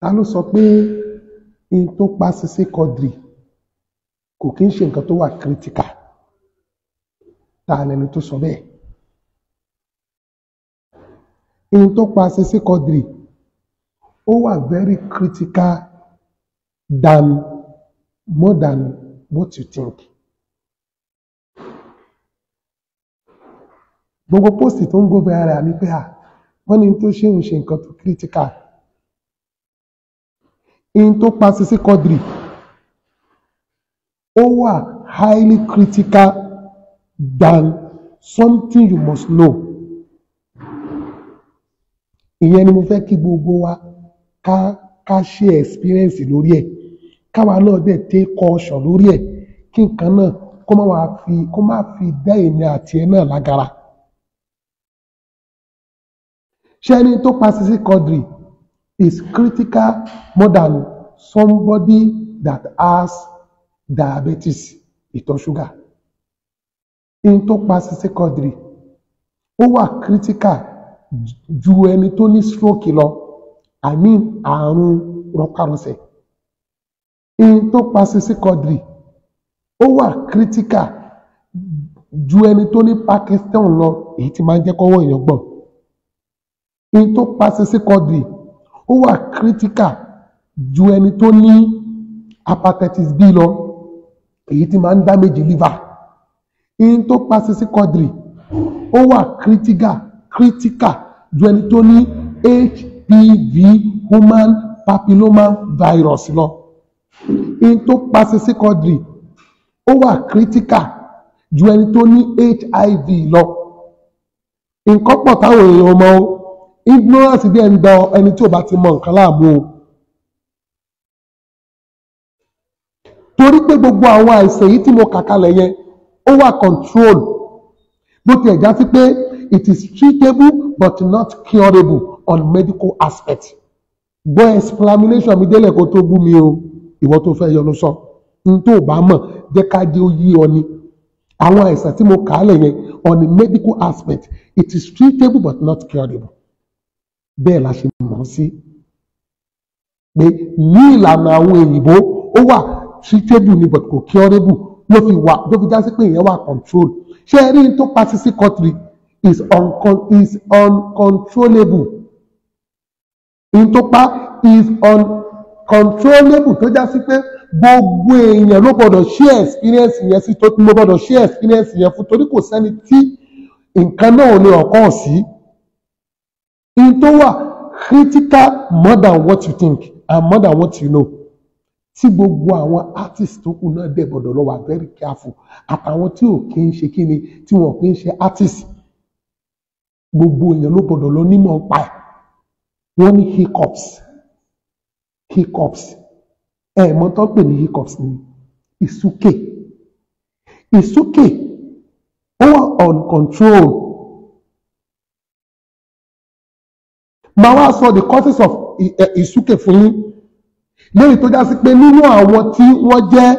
ta ló sọ pé in tó pa Sisi Quadri kò kí ń ṣe nǹkan tó wà critical ta lẹni tó sọ bẹ́ẹ̀ in tó pa Sisi Quadri ó wà very critical than more than what you think. gbogbo post tó ń gbó bẹ́ẹ̀ ara mi pé à ah, wọ́n ní tó ṣe ń ṣe nǹkan tó critical in tó pa Sisi Quadri ó wà highly critical than something you must know ìyẹn ni mo fẹ́ kí gbogbo wa ká ká ṣe experience lórí ẹ̀ káwa náà dẹ̀ take caution lórí ẹ̀ kí nǹkan náà kó má wàá fi kó má fi dá èmi àti ẹ náà lágara ṣẹ́ni tó pa Sisi Quadri is critical more than somebody that has diabetes ìtọ̀ sugar. in tó pa sí secondary ó wà critical ju ẹni tó ní stroke lọ i mean àrùn rọpárọsẹ̀ in tó pa sí secondary ó wà critical ju ẹni tó ní Parkinson lọ èyí tí máa ń jẹ́ kọ́wọ́ èèyàn gbọ̀n in tó pa sí secondary ó wà critical ju ẹni tó ní hepatitis B lọ èyí tí máa ń damage liver in tó pa Sisi Quadri ó wà critical critical ju ẹni tó ní HPV human papilloma virus lọ in tó pa Sisi Quadri ó wà critical ju ẹni tó ní HIV lọ nǹkan pọ̀ táwọn èèyàn mọ̀ o ignorance dẹ̀ ń dán ẹni tí ò bá ti mọ nǹkan láàmú o torí pé gbogbo àwọn àìsàn yìí tí mo kà kalẹ̀ yẹn ó wà control bó ti ẹ̀ já sí pé it is treatable but not curable on medical aspect gbọ́ explanation mi délẹ̀ kó tó mi o ìwọ tó fẹ́ yọnu sọ n tó bá mọ̀ jẹ́ ká dé ó yí àwọn àìsàn tí mo kà á lẹ̀ yẹn on a medical aspect it is treatable but not curable. bẹ́ẹ̀ la ṣe mọ̀ sí pé ní ìlànà àwọn òyìnbó ó wà treatable ni but kò curable ló fi wà ló fi já sí pé ìyẹn wà control ṣé ẹ rí n tó pa sí sí cutlery is uncon is uncontrollable n tó pa is uncontrollable tó já sí pé gbogbo èèyàn ló gbọdọ̀ share experience yẹn sí tó ló gbọdọ̀ share experience yẹn fún torí kò sẹ́ni tí nǹkan náà ò lè ọ̀kan sí in tó wà critical more than what you think and more than what you know tí gbogbo àwọn artist tó kù náà dẹ̀ gbọ́dọ̀ lọ very careful àtàwọn tí ò kí ń ṣe kí ni tí wọn kì í ṣe artist gbogbo èèyàn ló gbọ́dọ̀ lọ nímọ̀ pa ẹ̀ wọ́n ní hiccups hiccups ẹ̀ẹ̀mọ́ tó pè ní hiccups ni ìsúkè ìsúkè ó wà uncontrolled máa wá sọ the causes of ìsúkè fún yín lórí tó já sí pé nínú àwọn tí wọ́n jẹ́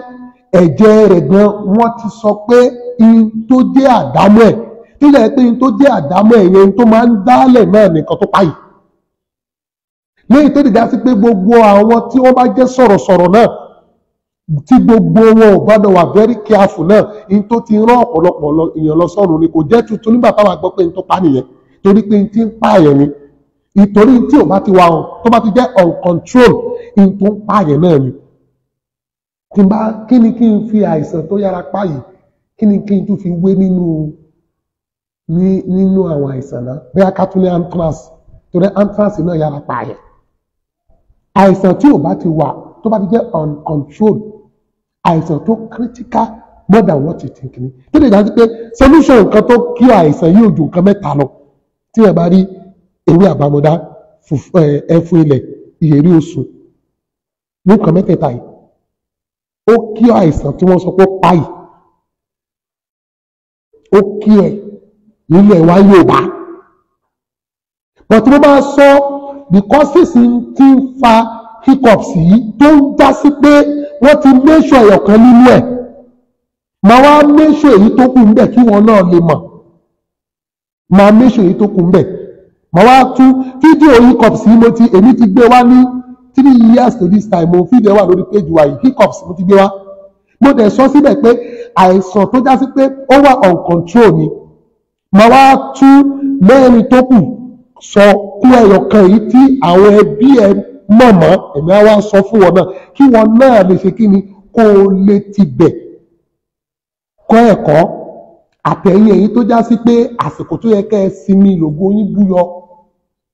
ẹ̀jẹ̀ rẹ̀ gan wọ́n ti sọ pé ihun tó jẹ́ àdámọ́ ẹ̀ tílẹ̀ pé ihun tó jẹ́ àdámọ́ ẹ̀ yẹn tó máa ń dálẹ̀ náà nìkan tó páyì lórí tó dìjà sí pé gbogbo àwọn tí wọ́n bá jẹ́ sọ̀rọ̀sọ̀rọ̀ náà tí gbogbo wọn ò gbọ́dọ̀ wà very careful náà in tó ti rán ọ̀pọ̀lọpọ̀ èèyàn lọ sọ́run ni kò jẹ́ tuntun nígbà táwọn àgbọ́ pé n tó pa nìyẹn torí pé n ti ń pààyàn ni ìtorí tí ò bá ti wà hàn tó bá ti jẹ́ uncontrol in tó ń pààyàn náà ni tí bá kí ni kí n fi àìsàn tó yára páyì kí ni kí n tún fi wé nínú nínú àwọn àìsàn náà bí a ká tún ní anthrax torí anthrax náà yára pààyàn àìsàn tí ò bá ti wà tó bá ti jẹ́ uncontrol àìsàn tó critical more than what you think ni tó lè dájú pé solution nǹkan tó kí àìsàn yóò ju nǹkan mẹ́ta lọ tí ẹ bá rí ewé àbámọ́dá ẹfun ilẹ̀ ìyèrí oṣù ní nǹkan mẹ́tẹ̀ẹ̀ta yìí ó kí àìsàn tí wọ́n sọ pé pa yìí ó kí ẹ̀ nílẹ̀ wa yóò bá bọ̀tí mo máa sọ because ti ń fa hiccups yìí tó ń dá sí pé wọ́n ti méṣọ̀ ẹ̀yọ̀kan nínú ẹ̀ máa wá méṣọ̀ èyí tó kù ń bẹ̀ kí wọn náà lè mọ̀ máa méṣọ̀ èyí tó kù ń bẹ̀ mo wá tún fídíò hiccups yìí mo ti èmi ti gbé wá ní three years to this time mo fídíò wà lórí page wa yìí hiccups mo ti gbé wá mo dẹ̀ sọ síbẹ̀ pé àìsàn tó já sí pé ó wà on control ni mo wá tún mẹ́rin tó kù sọ kún ẹyọ kan yìí tí àwọn ẹbí ẹ mọ̀mọ́ èmi á wá sọ fún wọn náà kí wọn náà lè ṣe kí ni kó o lè ti bẹ̀ kọ́ ẹ̀kọ́ àtẹ̀yìn èyí tó já sí pé àsìkò tó yẹ kẹ́ ẹ sinmi lògùn yín búyọ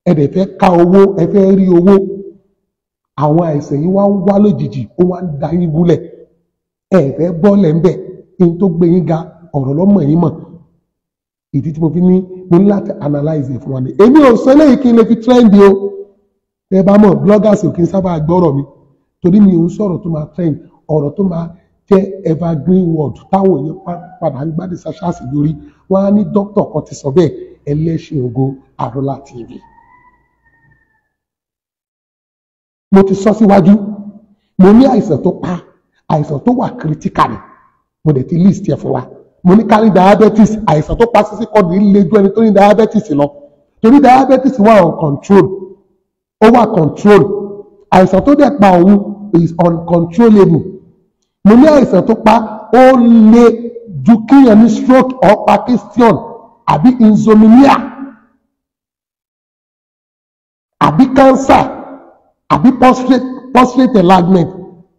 ẹ dẹ̀ fẹ́ ká owó ẹ fẹ́ rí owó àwọn àìsàn yìí wá ń wá lójijì ó wá ń da yín gúnlẹ̀ ẹ fẹ́ bọ́ọ̀lẹ̀ ń bẹ̀ ní tó gbé yín ga ọ̀rọ̀ lọ́mọ yín mọ̀ ìdí tí mo fi ní mo ní láti analyze ẹ̀ fún wa ni èmi ò sọ eléyìí kí n lè fi trend o ẹ bá mọ̀ bloggers ò kí n sábà gbọ́rọ̀ mi torí mi ò ń sọ̀rọ̀ tó máa trend ọ̀rọ̀ tó máa jẹ́ evergreen word táwọn èèyàn padà ń gbádùn ṣáṣáṣì lórí wọn á ní dókítà kan ti sọ bẹ́ẹ̀ ẹlẹ́ṣin ògo àrọ́lá tv. mo ti sọ síwájú mo ní àìsàn tó pa àìsàn tó wà critical mo dẹ̀ ti list ẹ̀ fún wa mo ní kárí diabetes àìsàn tó pa sísí kọ́ ní ilé ju ẹni tó ní diabetes lọ torí diabetes wà on control ó wà control àìsàn tó dẹ̀ pa òun is uncontrollable mo ní àìsàn tó pa ó lè ju kíyàn ní stroke or Parkinson àbí insomnia àbí cancer àbí prostate prostate enlargement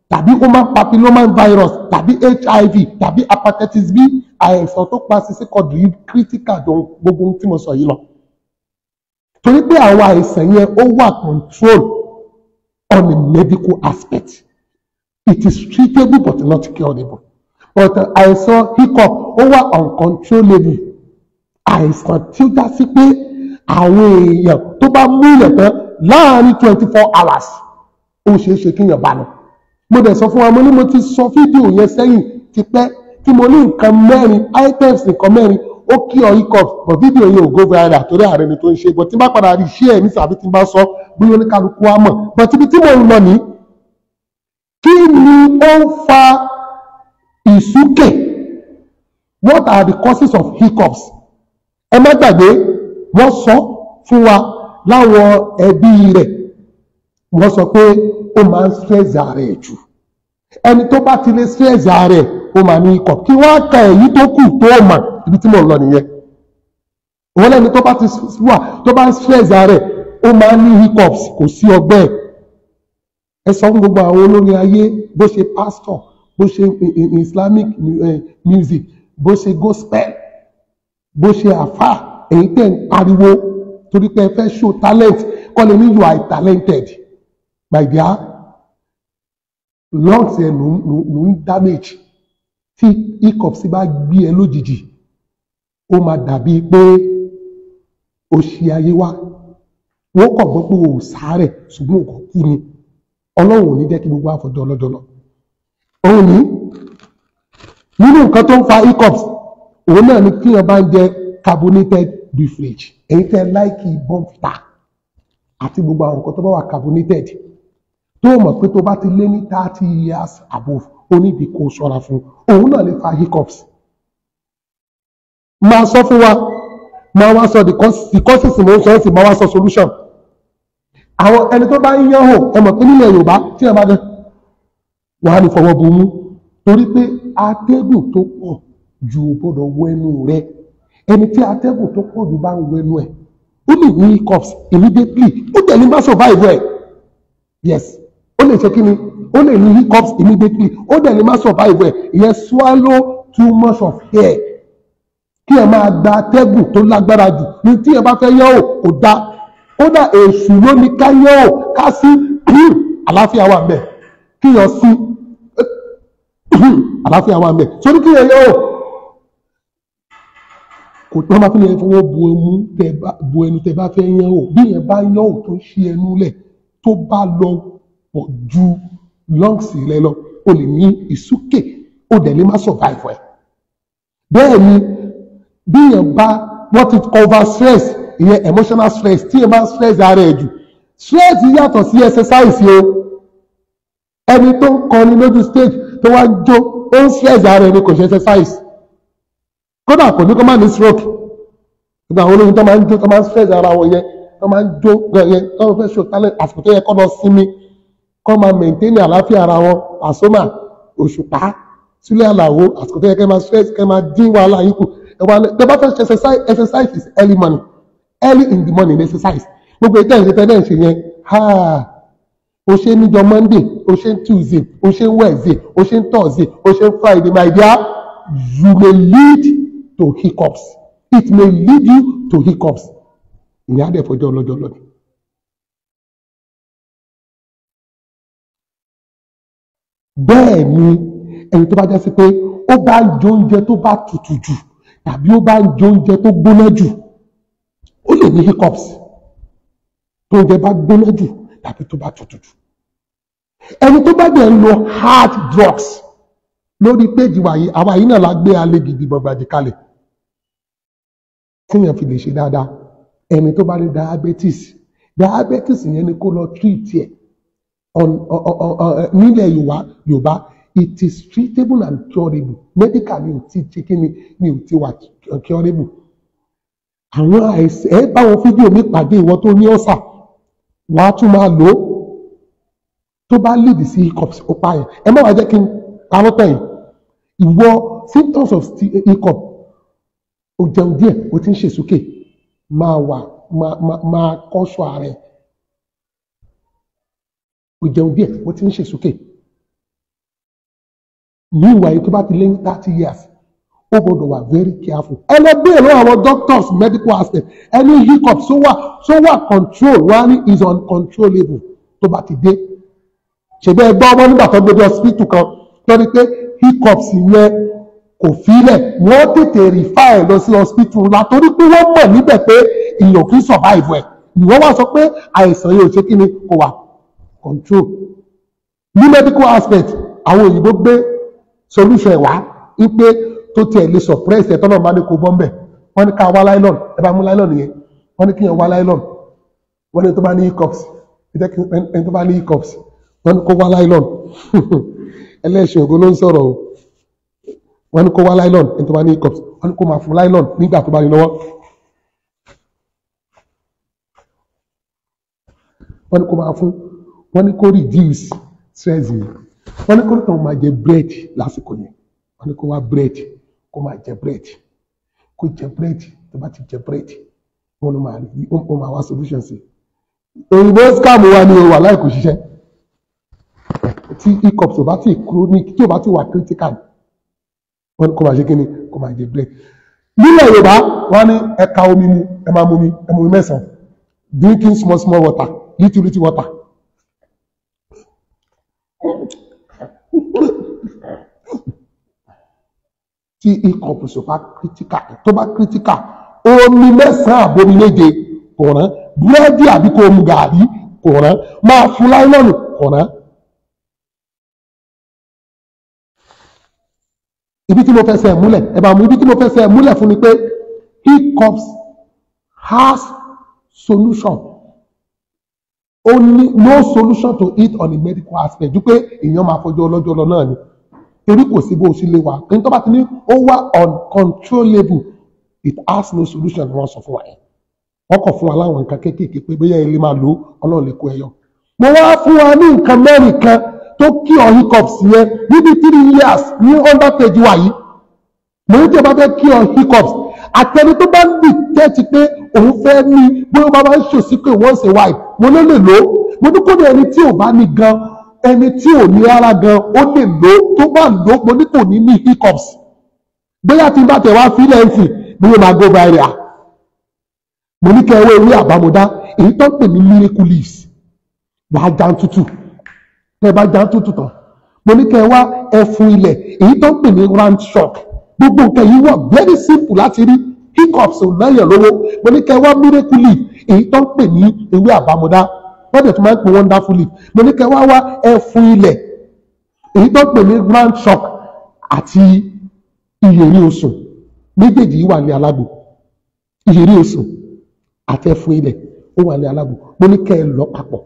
tàbí human papilloma virus tàbí hiv tàbí hepatitis b àìsàn tó pa sisi kọdù yìí critical tó gbogbo tí mo sọ yìí lọ torí pé àwọn àìsàn yẹn ó wà control on a medical aspect it is treatable but not curable but àìsàn hiccup ó wà uncontrollable àìsàn tí ó dá sí pé àwọn èèyàn tó bá mú ìyẹn láàárín twenty four hours ó ṣeé ṣe kíyàn bá lọ mo dẹ̀ sọ fún wa mo ní mo ti sọ fídíò yẹn sẹ́yìn ti pẹ́ tí mo ní nǹkan mẹ́rin items nǹkan mẹ́rin ó kí ọ hiccups but fídíò yẹn ò go viral torí ààrẹ ni tó ń ṣe but tí n bá padà rí share ní sàbí tí n bá sọ bí oníkálukú wa mọ̀ but ibi tí mo ń lọ ní kí ni ó ń fa ìsúkè what are the causes of hiccups ẹ má gbàgbé wọ́n sọ fún wa láwọn ẹbí rẹ̀ wọ́n sọ pé ó máa ń stress rẹ̀ jù ẹni tó bá ti lè stress rẹ̀ ó máa ní ikọ̀ kí wọ́n á ka èyí tó kù tó mà ibi tí mò lọ nìyẹn òun lẹ́ni tó bá ti wà tó bá ń stress rẹ̀ ó máa ní hiccups kò sí ọgbẹ́ ẹ sọ fún gbogbo àwọn olórin ayé bó ṣe pastor bó ṣe islamic eh, music bó ṣe gospel bó ṣe àfà èyí tẹ̀ ń pariwo torí pé ẹ fẹ́ show talent kọ́ni mi you are talented my dear lungs ẹ ló ń damage tí hiccup sì bá gbé ẹ lójijì ó máa dàbí pé ó ṣe ayé wá wọ́n kàn gbọ́ pé o ò sáré ṣùgbọ́n òkò kú ni ọlọ́run ò ní jẹ́ kí gbogbo àfọ̀jọ́ ọlọ́jọ́lọ́ òun ní nínú nǹkan tó ń fa hiccups òun náà ni kí ọba ń jẹ carbonated bíi fridge èyí tẹ́ láìkì bọ́ǹfìtà àti gbogbo àwọn nǹkan tó bá wà carbonated tó mọ̀ pé tó bá ti lé ní thirty years above ó ní ìdí kó ṣọ́ra fún òun náà lè fa hiccups máa sọ fún wa máa wá sọ the causes mo ń sọ ẹ́ sì máa wá sọ solution àwọn ẹni tó bá ń yán hàn ẹ mọ̀ pé nílẹ̀ Yorùbá tí ẹ bá dẹ wàá ní fọwọ́ bu mú torí pé atẹ́gùn tó pọ̀ ju gbọ́dọ̀ wọ ẹnu ẹni tí atẹ́gùn tó pọ̀ jù bá ń wẹnu ẹ̀ ó lè ní cups immediately ó dẹ̀ ní má survive ẹ̀ yes ó lè ṣe kí ni ó lè ní cups immediately ó dẹ̀ ní má survive ẹ̀ ìyẹn swallow too much of air kí ẹ máa gba atẹ́gùn tó lágbára jù ní tí ẹ bá fẹ́ yẹ̀ ò kò dá kódà èṣù ló ní ká yẹ̀ ò ká sí àlàáfíà wà mẹ́ kí yọ sí àlàáfíà wà mẹ́ sórí kí yẹ yẹ̀ ò kò tán bá tún lè fọwọ́ bo ẹmu tẹ bá bo ẹnu tẹ bá fẹ́ yán o bí yẹn bá yán o tó ń ṣí ẹnu lẹ̀ tó bá lọ pọ̀ ju lungs rẹ lọ o lè ní ìsúkè o dẹ̀ lè má survive ẹ̀ bẹ́ẹ̀ ni bí yẹn bá wọ́n ti over stress ìyẹn emotional stress tí yẹn bá stress ara ẹ̀ jù stress yàtọ̀ sí exercise o ẹni tó ń kọrin lójú stage tó wá ń jó ó ń stress ara ẹni kò ṣe exercise kódà kò ní kó má ní stroke gbogbo àwọn olóyin tó máa ń jó tó máa ń stress ara wọn yẹn tó máa ń jó yẹn tó máa fẹ́ ṣe òtálẹ̀ àsìkò tó yẹ kó lọ sinmi kó máa maintain àlàáfíà ara wọn àsomà òṣùpá sílẹ̀ àlàwo àsìkò tó yẹ kẹ́ máa stress kẹ́ máa dín wàhálà yín kù ẹ̀wà tẹ́ bá fẹ́ ṣe exercise exercise is early morning early in the morning exercise gbogbo ìtẹ́ ìṣe tẹ́lẹ̀ ṣe yẹn o ṣe níjọ́ monday o ṣe tuesday o ṣe wednesday o ṣe thursday o ṣe friday my dear you may lead to hiccups it may lead you to hiccups ìyẹn á dẹ̀ fọjọ́ ọlọ́jọ́ lọ́dún. bẹ́ẹ̀ ni ẹni tó bá jẹ́ sí pé ó bá ń jẹ oúnjẹ tó bá tutù jù tàbí ó bá ń jẹ oúnjẹ tó gbóná jù ó lè ní hiccups tó oúnjẹ bá gbóná jù tàbí tó bá tutù jù ẹni tó bá dẹ̀ ń lo hard drugs lórí péjì wàyí àwa yìí náà la gbé alẹ́ gidi gbọ̀ngbàdì kalẹ̀ téèyàn fi lè ṣe dáadáa ẹni tó bá ní diabetes diabetes yẹn ni kó lọ treat ẹ eh, nílẹ̀ Yorùbá it is treatable and curable medical ni ò ti ṣe kí ni ni ò ti wà curable àwọn àìsàn ẹ bá wọn fídíò mi pàdé ìwọ tó ní ọ̀sà wàá tún máa lò ó tó bá lead sí hiccups ó pààyàn ẹ má wàá jẹ́ kí n parọ́ tẹ̀yìn ìwọ symptoms of hiccup o jẹun díẹ̀ o ti ń ṣe sókè máa wà máa máa kọ́ṣọ́ ààrẹ o jẹun díẹ̀ o ti ń ṣe sókè ní ìwà yìí tó bá ti lé ní thirty years ó gbọ́dọ̀ wà very careful ẹlẹ́gbẹ́ ìlú àwọn doctors medical aspect ẹni hiccup so wà so wà control wá is uncontrollable tó bá ti dé ṣègbè ẹgbẹ́ ọmọ nígbà tó gbé dé hospital kan tó ní pé hiccups yẹn kò fílẹ̀ wọ́n tètè rìfà ẹ̀ lọ sí hospital ńlá torí pé wọ́n mọ̀ níbẹ̀ pé èèyàn kì í survive ẹ̀ ìwọ wá sọ pé àìsàn yóò ṣe kí ni kò wà control ní medical aspect àwọn òyìnbó gbé solution ẹ̀ wá wípé tó tiẹ̀ lè suppress ẹ̀ tọ́nà máa ní kó bọ́m̀bẹ̀ wọ́n ní ká wá nylon ẹ bá mú nylon yẹn wọ́n ní kí yẹn wá nylon wọ́n ní tó bá ní hiccups ẹni tó bá ní hiccups wọ́n ní kó wá nylon ẹlẹ́ṣin ògo ló ń sọ̀rọ̀ o wọ́n ní kó wá nylon ẹni tó bá ní hiccups wọ́n ní kó máa fún nylon nígbà tó bá ní lọ́wọ́ wọ́n ní kó máa fún wọ́n ní kó reduce stress yìí wọ́n ní kó tàn máa jẹ bread lásìkò yẹn wọ́n ní kó wá bread kó máa jẹ bread kó jẹ bread tó bá ti jẹ bread wọ́n ló máa rí wọ́n máa wá solution sí òyìnbó scam wa ni o wà láì kò ṣiṣẹ́ tí hiccups ò bá ti chronic tí ò bá ti wà critical wọ́n kọ́ máa ṣe kíni kọ́ máa jẹ break nílẹ̀ yorùbá wọ́n ní ẹ̀ka omi mu ẹ mumi ẹ mumi mẹ́sàn drinking small small water little little water tí ikọ̀ pèsè bá critical tó bá critical omi mẹ́sàn-án àbomi méje kò rán búrẹ́dì àbí kò mu gàrí kò rán máa fún láìlọ́nù kò rán ibi tí mo fẹsẹ̀ múlẹ̀ ẹ bá mú ibi tí mo fẹsẹ̀ múlẹ̀ fún ni pé hiccups has solution Only no solution to it on a medical aspect ju pé èèyàn máa fọjọ́ ọlọ́jọ́ lọ náà ni torí kò sí bó o ṣe lè wà pé tó bá ti ní ó wà uncontrollable it has no solution ni wọ́n sọ fún wa yẹn wọ́n kàn fún wa láwọn nǹkan kéékèèké pé bóyá ilé máa lò ó ọlọ́run mo wá fún wa ní nǹkan mẹ́rin kan tó kí ọ hiccups yẹn níbi three years ní under page wa yìí mo ní tí o bá fẹ́ kí ọ hiccups àtẹni tó bá ń bì tẹ́tí pé òun fẹ́ ní bóyá bá máa ń ṣòsíkè once a while mo ló lè lò ó mo ní kódà ẹni tí ò bá ní gan ẹni tí ò ní rárá gan ó lè lò ó tó bá lò ó mo ní kò ní ní hiccups bóyá tí n bá tẹ̀ wá fílẹ̀ ń sìn bí mo máa go viral mo ní kẹ́ ẹ wọ ewé àbámọ́dá èyí tó ń pè ní miracle leaves wàá já tútù ẹ bá já tútù tán mo ní kẹ́ wá ẹfun ilẹ̀ èyí tó ń pè ní round shock gbogbo nǹkan yìí wà very simple láti rí hiccups ò náà yàn lówó mo ní kẹ́ wá miracle leaf èyí tó ń pè ní ewé àbámọ̀dá wọ́n dẹ̀ máa ń pè wonderful leaf mo ní kẹ́ wá wá ẹfun ilẹ̀ èyí tó ń pè ní round shock àti ìyèrí osùn méjèèjì wà ní alágbò ìyèrí osùn àti ẹfun ilẹ̀ ó wà ní alágbò mo ní kẹ́ ẹ lọ papọ̀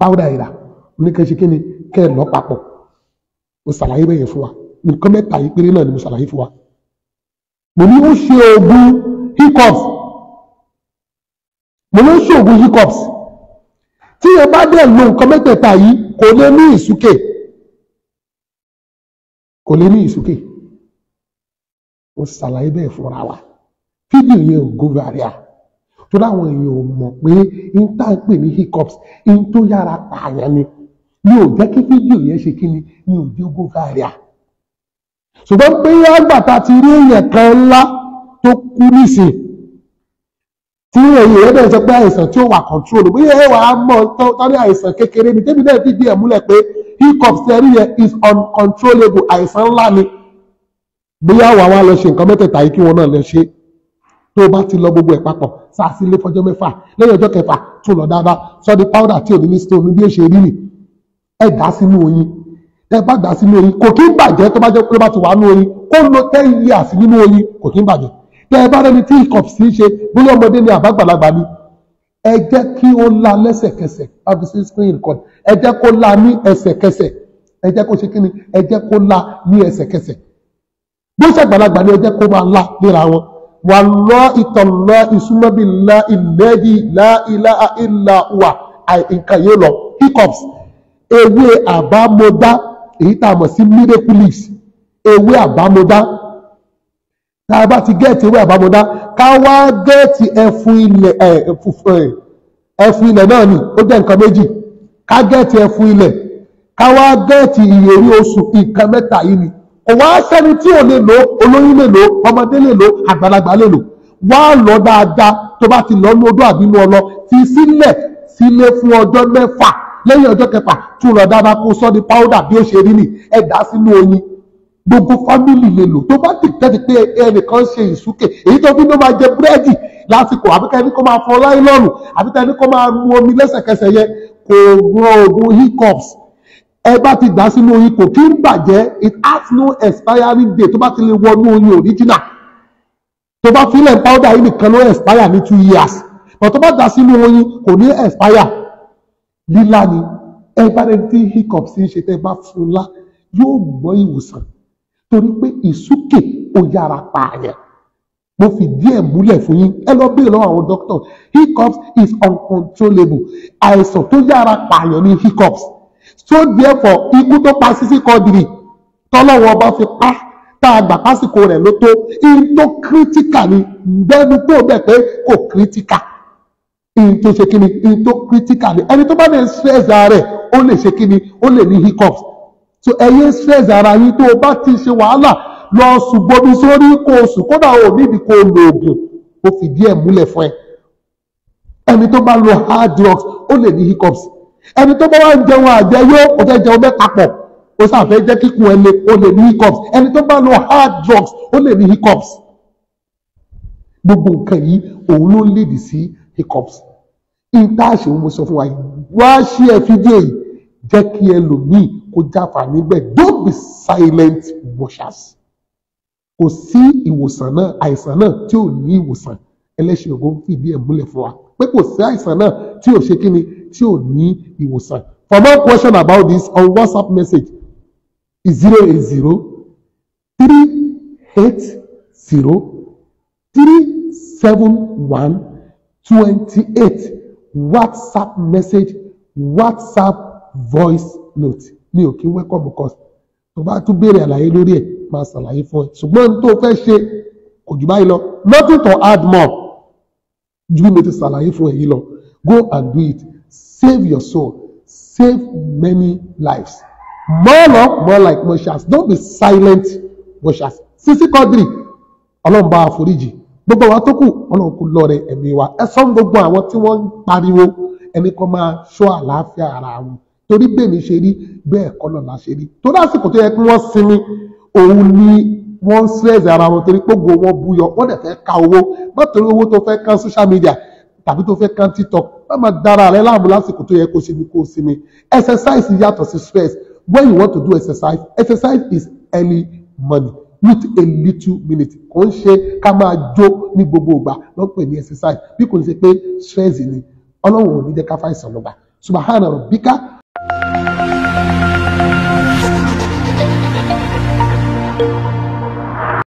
powder ìlà oníkẹ́sí kí ni kẹ́ ẹ̀ lọ papọ̀ mo ṣàlàyé bẹ́ẹ̀ fún wa nǹkan mẹ́ta yìí náà ni mo ṣàlàyé fún wa mo ní ó ṣe oògùn hiccups mo ní ó ṣe oògùn hiccups tí ẹ bá dẹ̀ lo nǹkan mẹ́tẹ̀ẹ̀ta yìí kò lè ní ìsúkè kò lè ní ìsúkè ó ṣàlàyé bẹ́ẹ̀ fúnra wa fídíò yẹn ò góvaria tó láwọn èèyàn ò mọ̀ pé n tá à pè ní hiccups n tó yára pààyàn ni mi ò jẹ́ kí fídíò yẹn ṣe kíni mi ò jẹ́ ogún káàrí à ṣùgbọ́n pé àgbàtà ti rí èèyàn kan ńlá tó kú níṣe tí èyí rẹ̀ bẹ̀rẹ̀ sọ pé àìsàn tí ó wà kọ̀ntrólù bóyá ẹ wà á mọ̀ tọ́rí àìsàn kékeré ni tẹ́bi náà fìdí ẹ̀ múlẹ̀ pé hiccup sẹ́rí yẹn is uncontrollable àìsàn ńlá ni bóyá wà wá lọ ṣe nǹkan mẹ́tẹ̀ẹ̀ta yìí kí wọn náà lọ ṣe tó o bá ti lọ gbogbo ẹ̀ papọ̀ sá sílé fọjọ́ mẹ́fà lẹ́yìn ọjọ́ kẹfà tún lọ dáadáa sọ di powder tí ò ní ní stone bí ó ṣe rí nìyí ẹ dà sínú oyin tẹ́ bá dà sínú oyin kò kí ń bàjẹ́ tó bá jẹ́ pé ó bá ti wà nínú oyin kó lo ten years nínú oyin kò kí ń bàjẹ́ tẹ́ bá rẹ́ni tí ikọ̀ sí ṣe bóyá ọmọdé ni àbágbàlagbà ni ẹ jẹ́ kí ó la lẹ́sẹ̀kẹsẹ̀ abc screen record ẹ jẹ́ kó la ní ẹsẹ̀kẹsẹ̀ ẹ jẹ́ kó ṣe kí ni ẹ jẹ́ kó la ní ẹsẹ̀kẹsẹ̀ bó ṣàgbàlagbà ni ẹ jẹ́ kó máa la léra wọn wallahi tallahi subhanallahi alladhi la ilaha illa huwa nǹkan yóò lọ hiccups ewé àbámọ́dá èyí tá a mọ̀ sí miracle leaves ewé àbámọ́dá tá a bá ti gẹ́ẹ̀tì ewé àbámọ́dá ká wá gẹ́ẹ̀tì ẹfun ilẹ̀ ẹfun ilẹ̀ náà ni ó jẹ́ nǹkan méjì ká gẹ́ẹ̀tì ẹfun ilẹ̀ ká wá gẹ́ẹ̀tì ìyèrí oṣù nǹkan mẹ́ta yìí ni kò wá sẹ́ni tí ò lè lò olóyún lè lò ọmọdé lè lò àgbàlagbà lè lò wá lọ dáadáa tó bá ti lọ ní odó àbínú ọlọ fi sílẹ̀ sílé fún ọjọ́ mẹ́fà lẹ́yìn ọjọ́ kẹfà tún lọ dábàá kó sọ powder bí ó ṣe rí ni ẹ dà á sínú oyin gbogbo fámìlì lè lò tó bá ti tẹ́tí pé ẹnìkan ṣe ìsúkè èyí tó fi ló máa jẹ búrẹ́dì lásìkò àbíkẹ́ ẹni kó máa fọ láìlọ́ọ̀nù àbíkẹ́ ẹni kó máa mu omi lẹ́sẹ̀kẹsẹ̀ yẹn kò rọ oògùn hiccups ẹ bá ti dà sínú oyin kò kí ń bàjẹ́ it has no expiring date tó bá ti lè wọnú oyin original tó bá fílẹ̀ powder yìí nìkan ló expire ní two years but tó bá dà sínú oyin kò ní expire lílá ni ẹ bá rẹ tí hiccup sí ṣe tẹ bá fún lá yóò gbọ́ ìwòsàn torí pé ìsúkè ó yára pààyàn mo fi díẹ̀ múlẹ̀ fún yín ẹ lọ béèrè lọ́wọ́ àwọn dókítà hiccups is uncontrollable àìsàn tó yára pààyàn ní hiccups so therefore ikú tó pa Sisi Quadri tọ́lọ́wọ́ ọba fi pa tá a gbà pásìkò rẹ̀ ló tó in tó critical ni bẹ́ẹ̀ ni tó bẹ̀ pé kò critical in tó ṣe kí ni in tó critical ni ẹni tó bá lè stress ara rẹ̀ ó lè ṣe kí ó lè ní hiccups so ẹyẹ stress ara yín tó o bá ti ṣe wàhálà lọ sùn gbomi sórí kó o sùn kódà o nídìí kó o lo oògùn o fìdí ẹ̀ múlẹ̀ fún ẹ ẹni tó bá lo hard drugs ó lè ní hiccups ẹni tó bá wá ń jẹun àjẹyó o fẹ́ jẹun mẹ́ta pọ̀ o sàfẹ́ jẹ́ kíkun ẹ lè o lè ní hiccups ẹni tó bá lo hard drugs ó lè ní hiccups gbogbo nǹkan yìí òun ló lèdì sí hiccups intaasi mo sọ fún wa yìí wá ṣí ẹ fídíò yìí jẹ́ kí ẹlòmíì kó jáfa níbẹ̀ don't be silent watchers kò sí ìwòsàn náà àìsàn náà tí ò ní ìwòsàn ẹlẹ́sìn ògo fìdí ẹ̀ múlẹ̀ fún wa pé kò sí àìsàn náà tí ò ṣe kí ni tí ò ní ìwòsàn for more question about this on WhatsApp message is zero eight zero three eight zero three seven one twenty eight. WhatsApp message WhatsApp voice note mi ò welcome course tó bá tún béèrè àlàyé lórí ẹ̀ máa ṣàlàyé fún ẹ ṣùgbọ́n tó fẹ́ ṣe kò jù báyìí lọ nothing to add more ju mi ti ṣàlàyé fún ẹ yìí lọ go and do it save your soul save many lives more love more like Moses don't be silent Moses Sisi Quadri ọlọ́run bá àforíjì gbogbo àwọn tó kù ọlọ́run kò lọ rẹ ẹ̀mí wa ẹ sọ gbogbo àwọn tí wọ́n ń pariwo ẹni kan máa ṣọ́ àlàáfíà ara wọn torí bẹ́ẹ̀ni ṣe rí bẹ́ẹ̀ kọ́ lọ́la ṣe rí torí àsìkò tó yẹ kí wọ́n sinmi òun ni wọ́n ń stress ara wọn torí pógo wọn buyọ wọ́n dẹ̀ fẹ́ ka owó má torí owó tó fẹ́ kan social media tàbí tó fẹ́ kan TikTok má má dára rẹ láàmú lásìkò tó yẹ kó ṣe ni kó sinmi exercise yàtọ̀ sí stress when you want to do exercise exercise is early money with a little minute kò ń ṣe ká máa jó ní gbogbo ìgbà lọ́pọ̀ ní exercise bí kò ń ṣe pé stress ni ọlọ́run ò ní jẹ́ ká fàìsàn lọ́gbà subahana rabbika